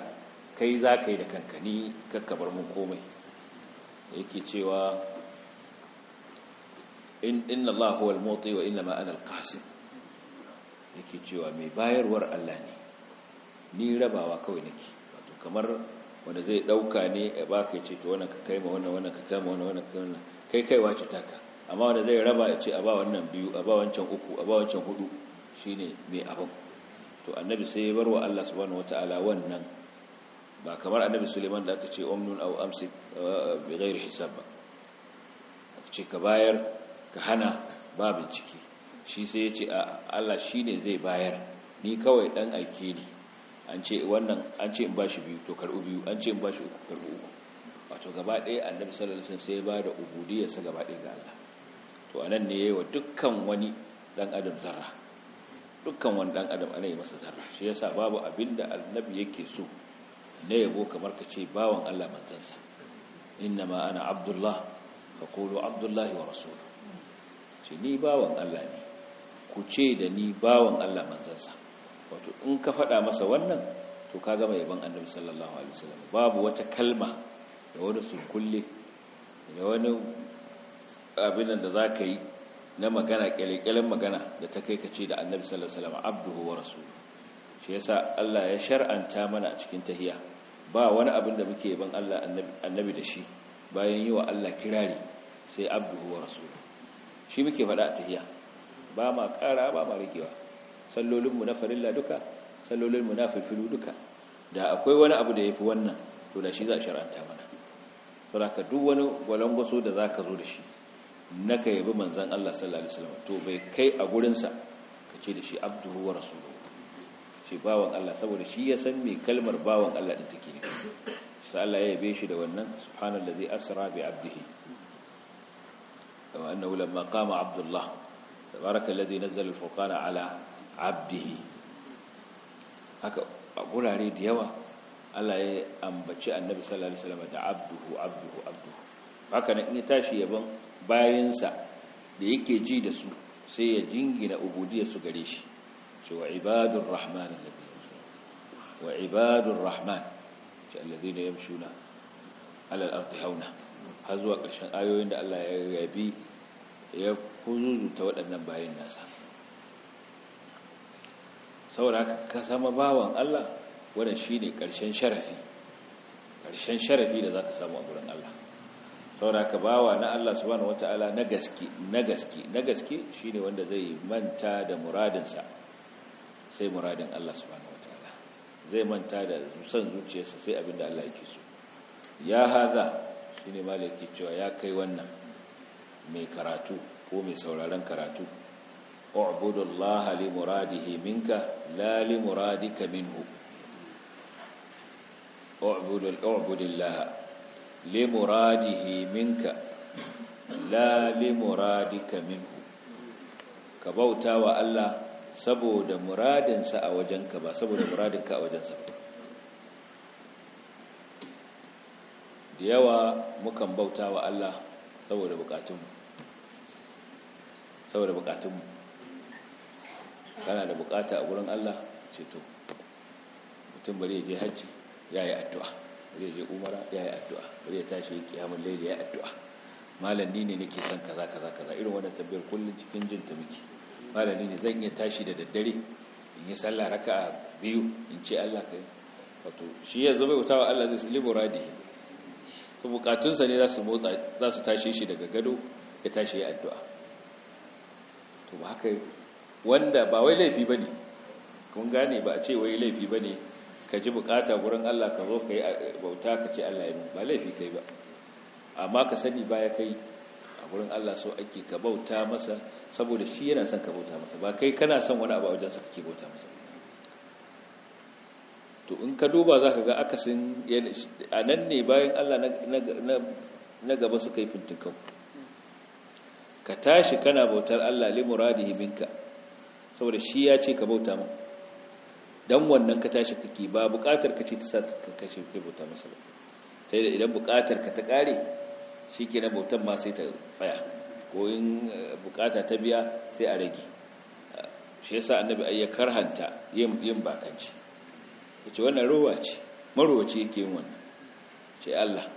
kai za ka yi da kankani kakkabar mun komai yake cewa inna Allah huwa al-muti wa inna ma ana al-qasim yake cewa mai bayarwar Allah ne ni rabawa kawai nake wato kamar wanda zai dauka ne ya baka ya ce to wannan ka kai ma wannan wannan ka kai ma wannan wannan ka kai kai wace taka amma wanda zai raba ya ce a ba wannan biyu a ba wancan uku a ba wancan hudu shine mai abin to annabi sai ya barwa Allah subhanahu wataala wannan ba kamar annabi Suleiman da aka ce umnun aw amsik uh, bi ghairi hisab ba ce ka bayar ka hana ba bincike shi sai ya ce Allah shine zai bayar ni kawai dan aike ni an ce wannan an ce in bashi biyu to karbu biyu an ce in bashi uku karbu uku wato gaba ɗaya annabi sallallahu alaihi wasallam sai ya bada ubudiyarsa gaba ɗaya ga Allah to anan ne yayin dukkan wani dan adam zarra dukkan wani dan adam ana yi masa zarra shi yasa babu abinda annabi yake so na yabo kamar ka ce bawan Allah manzansa ma ana abdullah fa qulu abdullahi wa rasuluhu ce ni bawan Allah ne ku ce da ni bawan Allah manzansa wato in ka faɗa masa wannan to ka gama yaban annabi sallallahu alaihi wasallam babu wata kalma da wani sulkulle da wani abin da zaka yi na magana kyalekyalen magana da ta kai kace da annabi sallallahu alaihi wasallam abduhu wa rasul shi yasa Allah ya shar'anta mana a cikin tahiya? ba wani abin da muke ban Allah annabi da shi bayan yi wa Allah kirari sai abduhu wa rasul shi muke faɗa a tahiya? ba ma ƙara ba ma rikewa sallolinmu na farilla duka sallolinmu na duka da akwai wani abu da ya fi wannan to da shi za a shar'anta mana saboda duk wani gwalangwaso da zaka zo da shi na ka yabi manzan Allah sallallahu alaihi wasallam to bai kai a gurinsa ka ce da shi abduhu wa rasuluhu ce bawan Allah saboda shi ya san mai kalmar bawan Allah din take ne sai Allah ya yabe shi da wannan subhanallazi asra bi abdihi kama annahu lamma qama abdullah tabarakallazi nazzala al-furqana ala abdihi haka a gurare da yawa Allah ya ambaci annabi sallallahu alaihi wasallam da abduhu abduhu abduhu haka nan in ya tashi yaban bayansa da yake ji da su sai ya jingina ubudiyar su gare shi ce wa ibadur rahman alladhi wa ibadur rahman ce alladhina yamshuna ala al-ardi hauna har zuwa ƙarshen ayoyin da Allah ya rabi ya kuzuzuta waɗannan bayan nasa saboda ka sama bawan Allah wannan shine ƙarshen sharafi ƙarshen sharafi da zaka samu a gurin Allah saboda ka bawa na Allah subhanahu wataala na gaske na gaske na gaske shine wanda zai manta da muradinsa sai muradin Allah subhanahu wataala zai manta da san zuciyarsa sai abinda Allah yake so ya haza shine malaki cewa ya kai wannan mai karatu ko mai sauraron karatu u'budullaha li muradihi minka la li muradika minhu u'budul u'budillaha limuradihi minka la limuradika minhu ka bauta wa Allah saboda muradinsa a wajenka ba saboda muradinka a wajensa da yawa mukan bauta wa Allah saboda bukatunmu saboda bukatunmu kana da bukata a wurin Allah Ceto. mutum bari ya je hajji ya yi addu'a bari ya je umara ya yi addu'a bari ya tashi kiyamun laili ya yi addu'a malam ni ne nake son kaza kaza kaza irin wannan tambayar kullum cikin jin ta muke malam ni ne zan iya tashi da daddare in yi sallah raka'a biyu in ce Allah ka kai wato shi ya zo bai wuta wa Allah zai su liburadi to bukatunsa ne za su motsa za su tashi shi daga gado ya tashi ya addu'a to ba haka wanda ba wai laifi ba ne kun gane ba a ce wai laifi ba ne. ka ji bukata gurin Allah ka zo ka yi bauta ka ce Allah ya mun ba laifi kai ba amma ka sani baya kai a gurin Allah so ake ka bauta masa saboda shi yana son ka bauta masa ba kai kana son wani abu a wajensa kake bauta masa to in ka duba za ka ga akasin a nan ne bayan Allah na gaba suka yi fintikau ka tashi kana bautar Allah li muradihi saboda shi ya ce ka bauta masa dan wannan ka tashi kake ba buƙatar ka ce ta sa ka kashe kai bauta masa ba sai da idan buƙatar ka ta ƙare shikenan bautan ma sai ta tsaya ko in eh, buƙata ta biya sai a rage shi yasa annabi ayya karhanta yin yin bakanci yace wannan rowa ce marowaci yake yin wannan ce Allah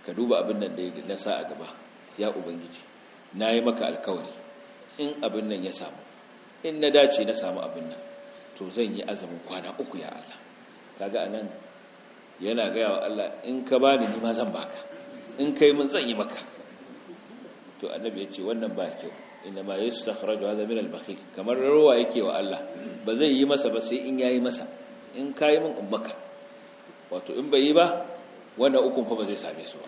ka duba abin nan da ya na sa a gaba ya ubangiji nayi maka alkawari in abin nan ya samu in na dace na samu abin nan to zan yi azumin kwana uku ya Allah kaga anan yana gaya wa Allah in ka bani ni ma zan baka in kai mun zan yi maka to annabi ya ce wannan ba kyau inna ma yastakhraju hadha min al-bakhil kamar ruwa yake wa Allah ba zan yi masa ba sai in yayi masa in kai mun ummaka wato in bai yi ba wannan ukun fa ba zai same su ba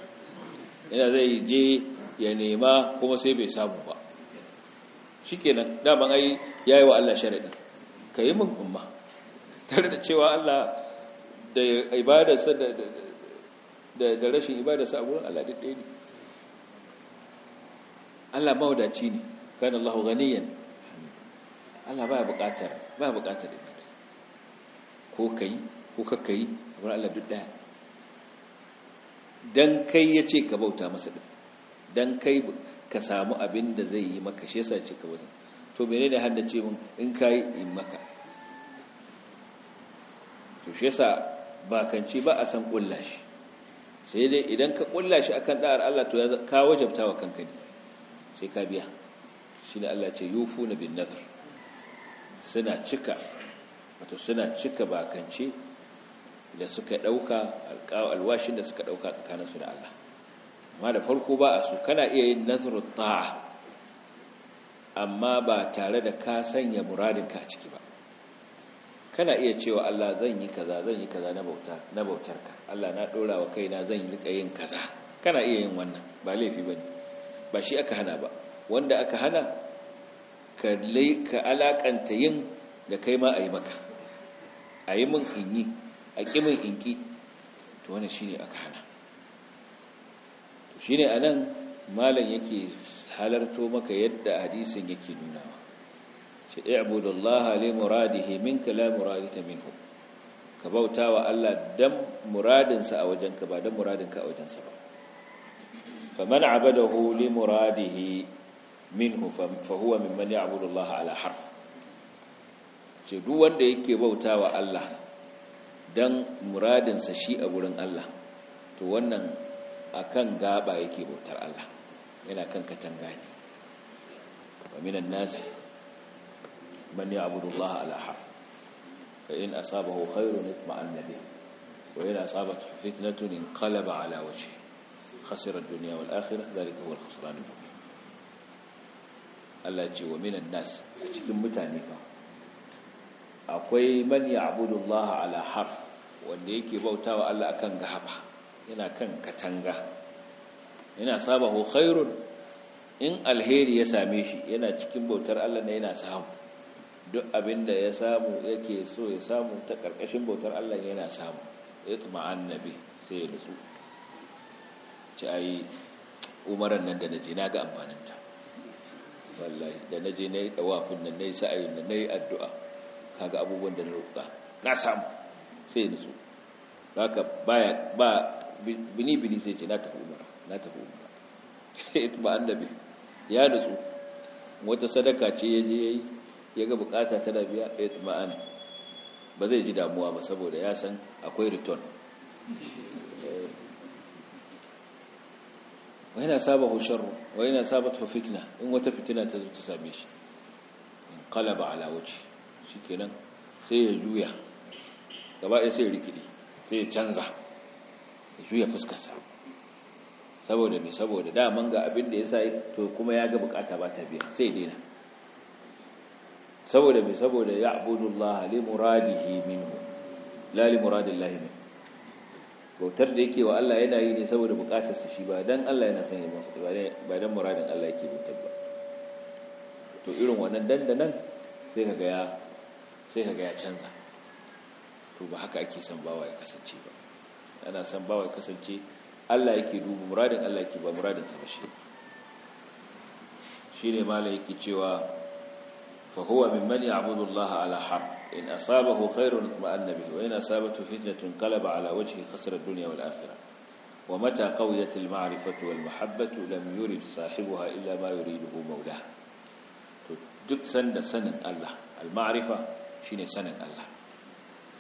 yana zai je ya nema kuma sai bai samu ba shikenan daman ai yayi wa Allah sharadi ka yi min umma tare da cewa Allah da ibadarsa da rashin ibadarsa a wurin Allah daɗe ne Allah mawadaci ne kan Allah ganiyan Allah ba buƙatar ba buƙatar ibada ko kai ko kakkai wurin Allah duk ɗaya dan kai ya ce ka bauta masa ɗin dan kai ka samu abin da zai yi maka shi yasa ce ka wani to menene haddace mun in kai in maka to shi yasa bakanci ba a san kulla sai dai idan ka kulla shi akan da'ar Allah to ka wajabta wa kanka ne sai ka biya shi ne Allah ce na bin nazar suna cika wato suna cika bakanci da suka ɗauka alwashin da suka dauka tsakaninsu da Allah amma da farko ba a su kana iya yin nazarin ta'a amma ba tare da ka sanya muradinka a ciki ba kana iya cewa Allah zan yi kaza zan yi kaza na bauta na bautarka Allah na dora wa kaina zan rika yin kaza kana iya yin wannan ba laifi bane ba shi aka hana ba wanda aka hana ka ka alakanta yin da kai ma ayi maka ayi min kinyi a kimin to wannan shine aka hana to shine anan malam yake halarto maka yadda hadisin yake nuna shi i'budullaha li muradihi minka la muradika minhu ka bauta wa Allah dan muradinsa a wajenka ba dan ka a wajensa ba faman abadahu li muradihi minhu fa huwa mimman ya'budu Allah ala harf ce duk wanda yake bauta wa Allah dan muradinsa shi a gurin Allah to wannan akan gaba yake bautar Allah yana kan katanga ne wa minan nasi man ya'budu Allah ala haf fa in asabahu khairun itma'anna bih wa in asabat fitnatun inqalaba ala wajhi khasira ad-dunya wal akhirah dhalika huwa al-khusran al-mubin Allah ce wa minan nas cikin mutane fa akwai man ya'budu Allah ala harf wanda yake bautawa Allah akan gaba yana kan katanga yana sabahu khairun in alheri ya same shi yana cikin bautar Allah ne yana samu duk abinda ya samu yake so ya samu ta karkashin bautar Allah yana samu yatma annabi sai ya nutsu ci ayi umaran nan da naji naga amfaninta wallahi da naji nayi tawafin nan nayi sa'ayin nan nayi addu'a kaga abubuwan da na roƙa na samu sai ya nutsu haka baya ba bini bini sai ce na tafi umara na tafi umra ba annabi ya nutsu wata sadaka ce ya je yi ya ga bukata tana biya itma'an ba zai ji damuwa ba saboda ya san akwai return eh. wani na saba hushar wani na saba ta fitna in wata fitina ta zo ta same shi in qalaba ala shi kenan sai ya juya gaba ɗaya sai ya rikidi sai ya canza ya juya fuskarsa saboda ne saboda daman ga abin da ya sa to kuma ya ga bukata ba ta biya sai dina saboda mai saboda ya abudu li muradihi minhu la li muradillahi min bautar da yake wa Allah yana yi ne saboda bukatar su shi ba dan Allah yana son yi masa ba dan muradin Allah yake bautar ba to irin wannan dandanan sai kaga ya sai kaga ya canza to ba haka ake son bawa ya kasance ba ana son bawa ya kasance Allah yake dubu muradin Allah yake ba muradin sa shi shine malai yake cewa fa huwa mimman ya'budu Allah ala har in asabahu khairun ma'anna bihi wa in asabatu fitnatun qalaba ala wajhi khasara ad-dunya wal akhirah wa mata qawiyat al-ma'rifatu wal mahabbatu lam yurid sahibuha illa ma yuriduhu mawlah to duk sanda sanin Allah al-ma'rifa shine sanin Allah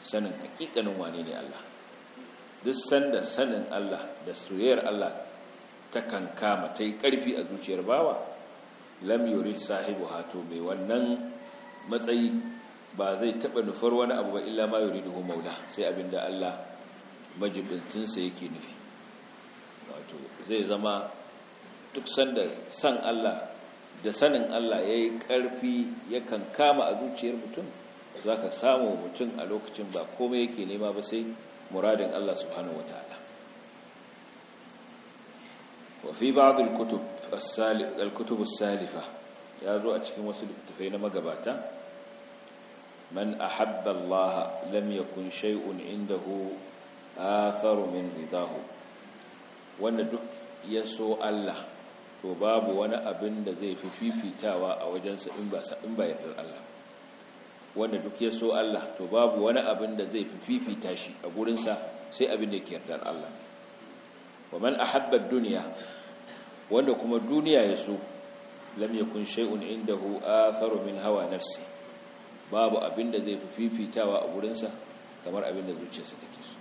sanin hakikanin wane ne Allah duk sanda sanin Allah da soyayyar Allah ta kankama ta yi ƙarfi a zuciyar bawa lam yuri sahibu hato mai wannan matsayi ba zai taɓa nufar wani abu ba illa ma yuriduhu maula sai abinda Allah majibintinsa yake nufi wato zai zama duk sanda san Allah da sanin Allah ya yi ƙarfi ya kankama a zuciyar mutum za ka samu mutum a lokacin ba komai yake nema ba sai muradin Allah subhanahu wa ta'ala wa fi ba'd al-kutub al-kutub as-salifa ya zo a cikin wasu littafai na magabata man ahabba Allah lam yakun shay'un indahu atharu min ridahu wanda duk ya so Allah to babu wani abin da zai fi fifitawa a wajensa in ba in ba yardar Allah wanda duk ya so Allah to babu wani abin da zai fifita shi a gurinsa sai abin da ke yardar Allah wa man ahabba duniya wanda kuma duniya ya so lam yakun shay'un indahu atharu min hawa nafsi babu abin da zai fifitawa a gurinsa kamar abin da zuciyarsa take so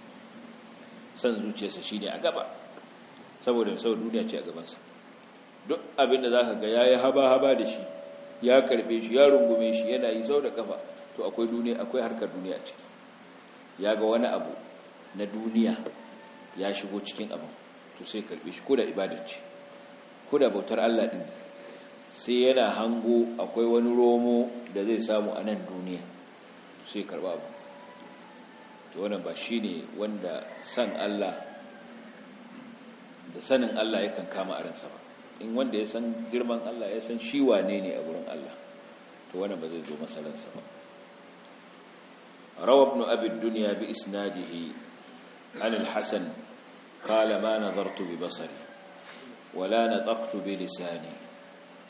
san zuciyarsa shine a gaba saboda sau duniya ce a gabansa duk abin da zaka ga yayi haba haba da shi ya karbe shi ya rungume shi yana yi sau da kafa to akwai duniya akwai harkar duniya a ciki ya ga wani abu na duniya ya shigo cikin abu to sai karbe shi ko da ibadar ce ko da bautar Allah din sai yana hango akwai wani romo da zai samu a nan duniya sai karba abu to wannan ba shi ne wanda san Allah da sanin Allah yakan kama a ransa ba in wanda ya san girman Allah ya san shi wane ne a gurin Allah to wannan ba zai zo masalansa ba روى ابن أبي الدنيا بإسناده عن الحسن قال ما نظرت ببصري ولا نطقت بلساني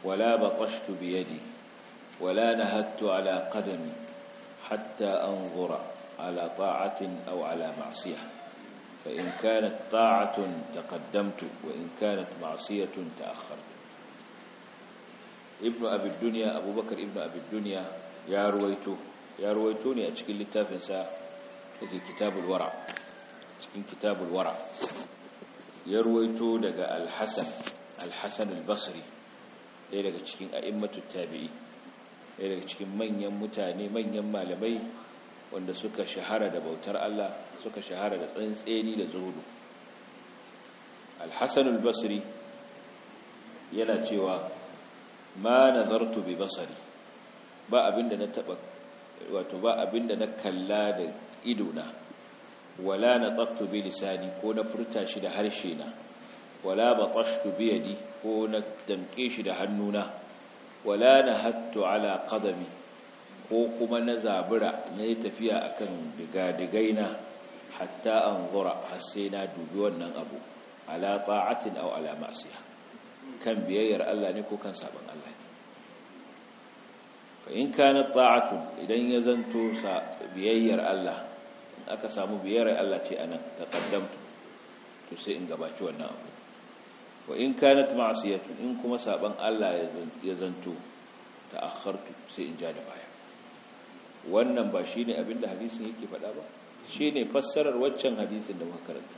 ولا بطشت بيدي ولا نهدت على قدمي حتى أنظر على طاعة أو على معصية فإن كانت طاعة تقدمت وإن كانت معصية تأخرت ابن أبي الدنيا أبو بكر ابن أبي الدنيا يا رويته ya ruwaito ne a cikin littafinsa daga kitabul wara cikin kitabul wara ya ruwaito daga al-hasan al-hasan al-basri ɗaya daga cikin a'immatu tabi'i ɗaya daga cikin manyan mutane manyan malamai wanda suka shahara da bautar Allah suka shahara da tsantseni da Zoro. al-hasan al-basri yana cewa ma nazartu bi basari ba abinda na taba wato ba abinda na kalla da ido na wala na tsaftu bi lisani ko na furta shi da harshe na wala baqashtu bi yadi ko na damke shi da hannu na wala na hattu ala qadami ko kuma na zabura na yi tafiya akan na hatta anzura har sai na dubi wannan abu ala ta'atin au ala ma'siyah kan biyayyar Allah ne ko kan sabon Allah ne in kana ta'atun idan ya zanto sa biyayyar Allah in aka samu biyayyar Allah ce anan taqaddamtu to sai in gabaci wannan abu wa in kanat ma'siyatun in kuma saban Allah ya zanto ta'akhartu sai in ja da baya wannan ba shine abinda hadisin yake faɗa ba shine fassarar waccan hadisin da muka karanta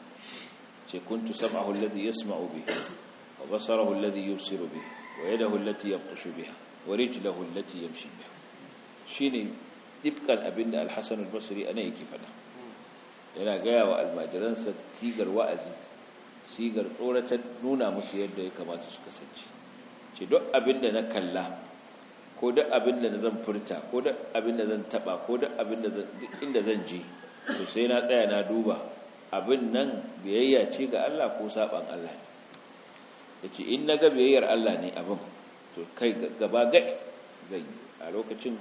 ce kuntu sam'ahu alladhi yasma'u bihi wa basarahu alladhi yubsiru bihi wa yadahu allati yabtashu biha wa rijlahu allati yamshi biha shine dibkan abinda al-Hasan al-Basri ana yake fada yana gaya wa almajiransa sigar wa'azi sigar tsoratar nuna musu yadda ya kamata su kasance ce duk abinda na kalla ko duk abinda na zan furta ko duk abinda zan taba ko duk abinda inda zan je to sai na tsaya na duba abin nan biyayya ce ga Allah ko saban Allah yace in naga biyayyar Allah ne abin to kai gaba ga zai yi a lokacin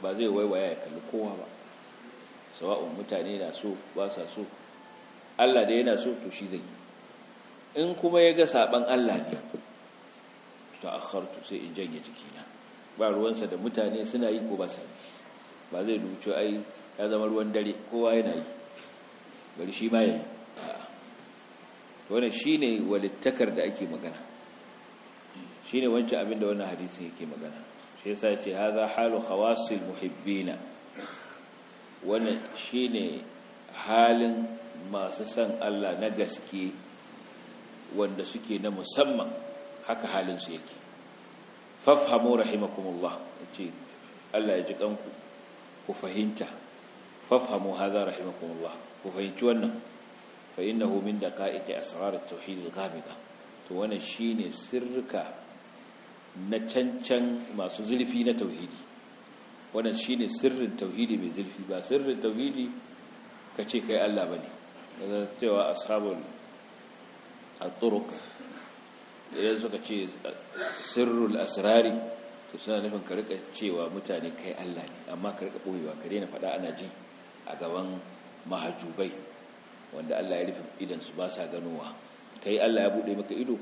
ba zai waiwaya ya kalli kowa ba sawa'un mutane na so ba sa so Allah da yana so to shi zai yi in kuma ya ga saban Allah ne to akhartu sai in janye jikina ba ruwansa da mutane suna yi ko ba sa yi ba zai duce ai ya zama ruwan dare kowa yana yi bari shi ma wani shi shine walittakar da ake magana shine wancan abin da wannan hadisi yake magana shi yasa yace hadha halu khawasil muhibbina wannan shine halin masu san Allah na gaske wanda suke na musamman haka halin su yake fafhamu rahimakumullah yace Allah ya ji kanku ku fahimta fafhamu hadha rahimakumullah ku fahimci wannan fa innahu min daqa'iqi asrar at-tauhid al-ghamiqa to wannan shine sirrika na cancan masu zurfi na tauhidi wannan shine sirrin tauhidi mai zurfi ba sirrin tauhidi kace kai Allah bane da cewa ashabul al turuq idan suka ce sirrul asrari to suna nufin ka rika cewa mutane kai Allah ne amma ka rika boyewa ka daina faɗa ana ji a gaban mahajubai wanda Allah ya rufe idan su ba sa ganowa kai Allah ya buɗe maka ido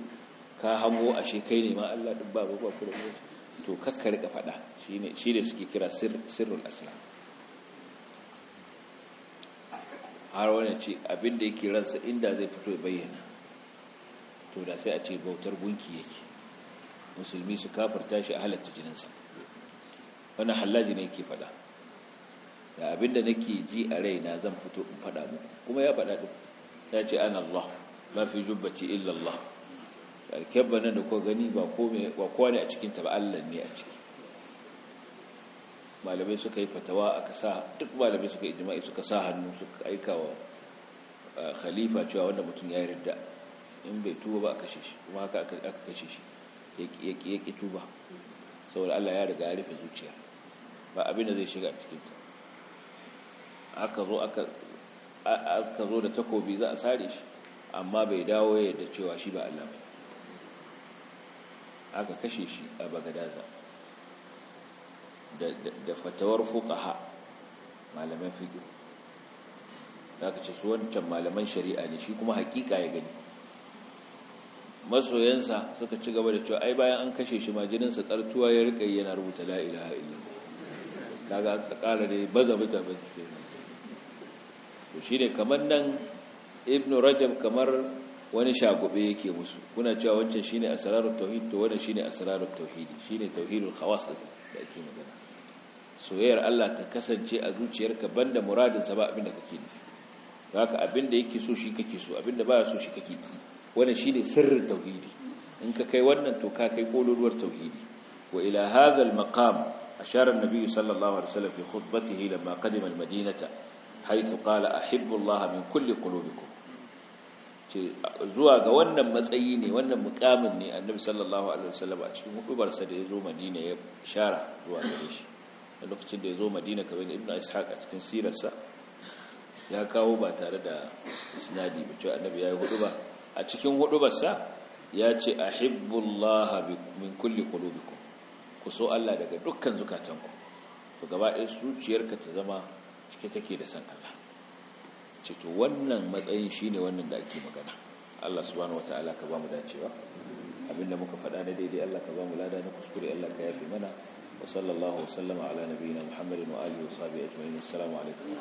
ka hango shi kai ne ma Allah duk ba ba ku da to kakka rika fada shine shi da suke kira sirrul aslam har wani ce abin da yake ransa inda zai fito ya bayyana to da sai a ce bautar gunki yake musulmi su kafarta shi a halatta jininsa wani hallaji ne yake fada da abinda nake ji a raina zan fito in fada muku kuma ya fada duk ya ce ana Allah ma fi jubbati illa Allah alkyabba nan da kuka gani ba kowa ne a cikinta ba allah ne a ciki malamai suka yi fatawa aka sa duk malamai suka yi jima'i suka sa hannu suka aika wa uh, khalifa cewa wanda mutum ya yarda in bai tuba ba aka kashe shi kuma haka aka kashe shi ya ƙi tuba saboda allah ya riga ya rufe zuciya ba abin da zai shiga a cikinta aka zo zo da takobi za a sare shi amma bai dawo yadda cewa shi ba allah ba aka kashe shi a bagadaza da fatawar ha malaman fiqh aka ce su wancan malaman shari'a ne shi kuma hakika ya gani masoyansa suka ci gaba da cewa ai bayan an kashe shi ma jininsa tsartuwa ya rika yana rubuta la ilaha da aka kara da baza nan. bita shi ne kamar nan ibnu rajab kamar wani shagube yake musu kuna cewa wancan shine asrarut tauhid to wannan shine asrarut tauhidi shine tauhidul khawas da ake magana soyayyar Allah ta kasance a zuciyarka banda muradin sa ba abinda kake nufi haka abinda yake so shi kake so abinda baya so shi kake ki wannan shine sirrin tauhidi in ka kai wannan to ka kai kololuwar tauhidi wa ila hadha al maqam ashara an-nabi sallallahu alaihi wasallam fi khutbatihi lamma qadima al-madinata haythu qala ahibbu Allah min kulli qulubikum ce zuwa ga wannan matsayi ne wannan mukamin ne annabi sallallahu alaihi wasallam a cikin hudubarsa da ya zo madina ya shara zuwa gare shi a lokacin da ya zo madina kamar ibn ibnu ishaq a cikin sirarsa ya kawo ba tare da isnadi ba cewa annabi ya yi huduba a cikin hudubarsa ya ce ahibbullah min kulli qulubikum ku so Allah daga dukkan zukatanku to gaba ɗaya zuciyarka ta zama cike take da san Allah ce wannan matsayin shine wannan da ake magana Allah subhanahu wataala ka ba mu dacewa abinda muka faɗa na daidai Allah ka ba mu lada na kuskure Allah ka yafe mana wa sallallahu wa sallama ala nabiyina Muhammadin wa alihi wa sahbihi ajma'in assalamu alaikum